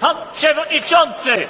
Pan Przewodniczący!